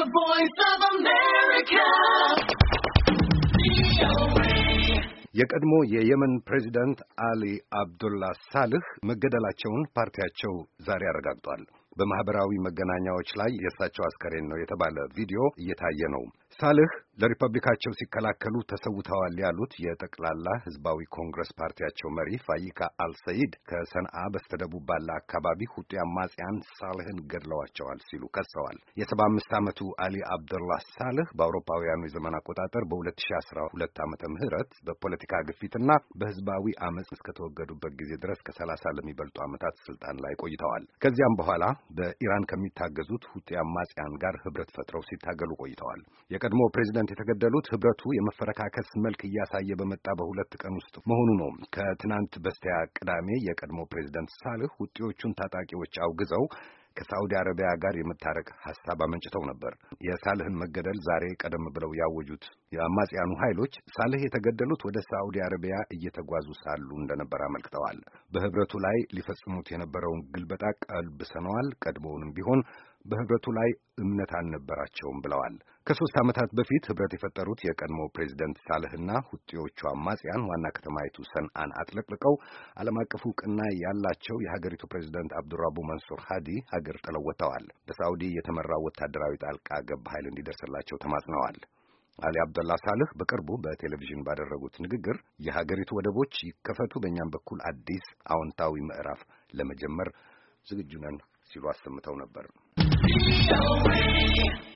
The voice of America. የቀድሞ የየመን ፕሬዚዳንት አሊ አብዱላ ሳልህ መገደላቸውን ፓርቲያቸው ዛሬ አረጋግጧል። በማህበራዊ መገናኛዎች ላይ የእሳቸው አስከሬን ነው የተባለ ቪዲዮ እየታየ ነው። ሳልህ ለሪፐብሊካቸው ሲከላከሉ ተሰውተዋል ያሉት የጠቅላላ ህዝባዊ ኮንግረስ ፓርቲያቸው መሪ ፋይካ አልሰይድ ከሰንአ በስተደቡብ ባለ አካባቢ ሁጤ አማጽያን ሳልህን ገድለዋቸዋል ሲሉ ከሰዋል። የሰባ አምስት ዓመቱ አሊ አብደላህ ሳልህ በአውሮፓውያኑ የዘመን አቆጣጠር በ2012 ዓመተ ምህረት በፖለቲካ ግፊትና በህዝባዊ አመፅ እስከተወገዱበት ጊዜ ድረስ ከሰላሳ ለሚበልጡ ዓመታት ስልጣን ላይ ቆይተዋል። ከዚያም በኋላ በኢራን ከሚታገዙት ሁጤ አማጽያን ጋር ህብረት ፈጥረው ሲታገሉ ቆይተዋል። የቀድሞ ፕሬዚደንት የተገደሉት ህብረቱ የመፈረካከስ መልክ እያሳየ በመጣ በሁለት ቀን ውስጥ መሆኑ ነው። ከትናንት በስቲያ ቅዳሜ የቀድሞ ፕሬዚደንት ሳልህ ውጤዎቹን ታጣቂዎች አውግዘው ከሳዑዲ አረቢያ ጋር የመታረቅ ሐሳብ አመንጭተው ነበር። የሳልህን መገደል ዛሬ ቀደም ብለው ያወጁት የአማጽያኑ ኃይሎች ሳልህ የተገደሉት ወደ ሳዑዲ አረቢያ እየተጓዙ ሳሉ እንደነበር አመልክተዋል። በህብረቱ ላይ ሊፈጽሙት የነበረውን ግልበጣ ቀልብሰነዋል፣ ቀድሞውንም ቢሆን በህብረቱ ላይ እምነት አልነበራቸውም ብለዋል። ከሶስት ዓመታት በፊት ህብረት የፈጠሩት የቀድሞ ፕሬዚደንት ሳልህና ሁጤዎቹ አማጽያን ዋና ከተማይቱ ሰንአን አጥለቅልቀው ዓለም አቀፍ እውቅና ያላቸው የሀገሪቱ ፕሬዚደንት አብዱራቡ መንሱር ሃዲ ሀገር ጥለው ወጥተዋል። በሳዑዲ የተመራው ወታደራዊ ጣልቃ ገብ ኃይል እንዲደርስላቸው ተማጽነዋል። አሊ አብደላ ሳልህ በቅርቡ በቴሌቪዥን ባደረጉት ንግግር የሀገሪቱ ወደቦች ይከፈቱ፣ በእኛም በኩል አዲስ አዎንታዊ ምዕራፍ ለመጀመር ዝግጁ ነን ሲሉ አሰምተው ነበር።